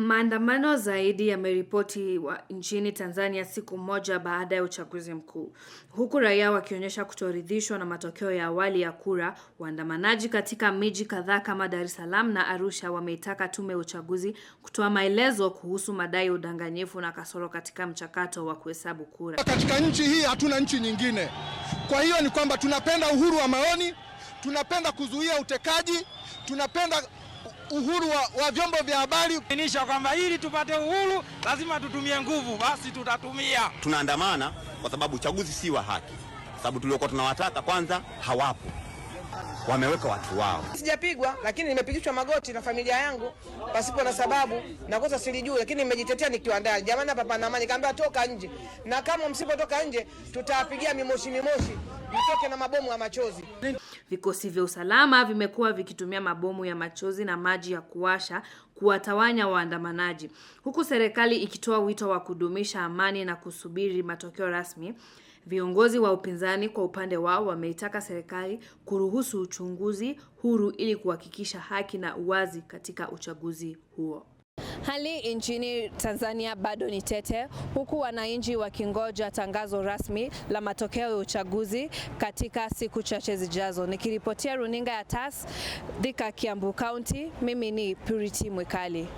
Maandamano zaidi yameripotiwa nchini Tanzania siku moja baada ya uchaguzi mkuu, huku raia wakionyesha kutoridhishwa na matokeo ya awali ya kura. Waandamanaji katika miji kadhaa kama Dar es Salaam na Arusha wameitaka tume ya uchaguzi kutoa maelezo kuhusu madai ya udanganyifu na kasoro katika mchakato wa kuhesabu kura. Katika nchi hii hatuna nchi nyingine. Kwa hiyo ni kwamba tunapenda uhuru wa maoni, tunapenda kuzuia utekaji, tunapenda uhuru wa, wa vyombo vya habari nisha kwamba ili tupate uhuru lazima tutumie nguvu, basi tutatumia. Tunaandamana kwa sababu uchaguzi si wa haki, sababu tuliokuwa tunawataka kwanza hawapo, wameweka watu wao. Sijapigwa, lakini nimepigishwa magoti na familia yangu pasipo na sababu na kosa silijui, lakini nimejitetea nikiwa ndani. Jamani, hapa pana amani, kaambia toka nje, na kama msipotoka nje tutawapigia mimoshi mimoshi mtoke na mabomu ya machozi. Vikosi vya usalama vimekuwa vikitumia mabomu ya machozi na maji ya kuwasha kuwatawanya waandamanaji, huku serikali ikitoa wito wa kudumisha amani na kusubiri matokeo rasmi. Viongozi wa upinzani kwa upande wao wameitaka serikali kuruhusu uchunguzi huru ili kuhakikisha haki na uwazi katika uchaguzi huo. Hali nchini Tanzania bado ni tete, huku wananchi wakingoja tangazo rasmi la matokeo ya uchaguzi katika siku chache zijazo. Nikiripotia runinga ya TAS Thika Kiambu County, mimi ni Purity Mwikali.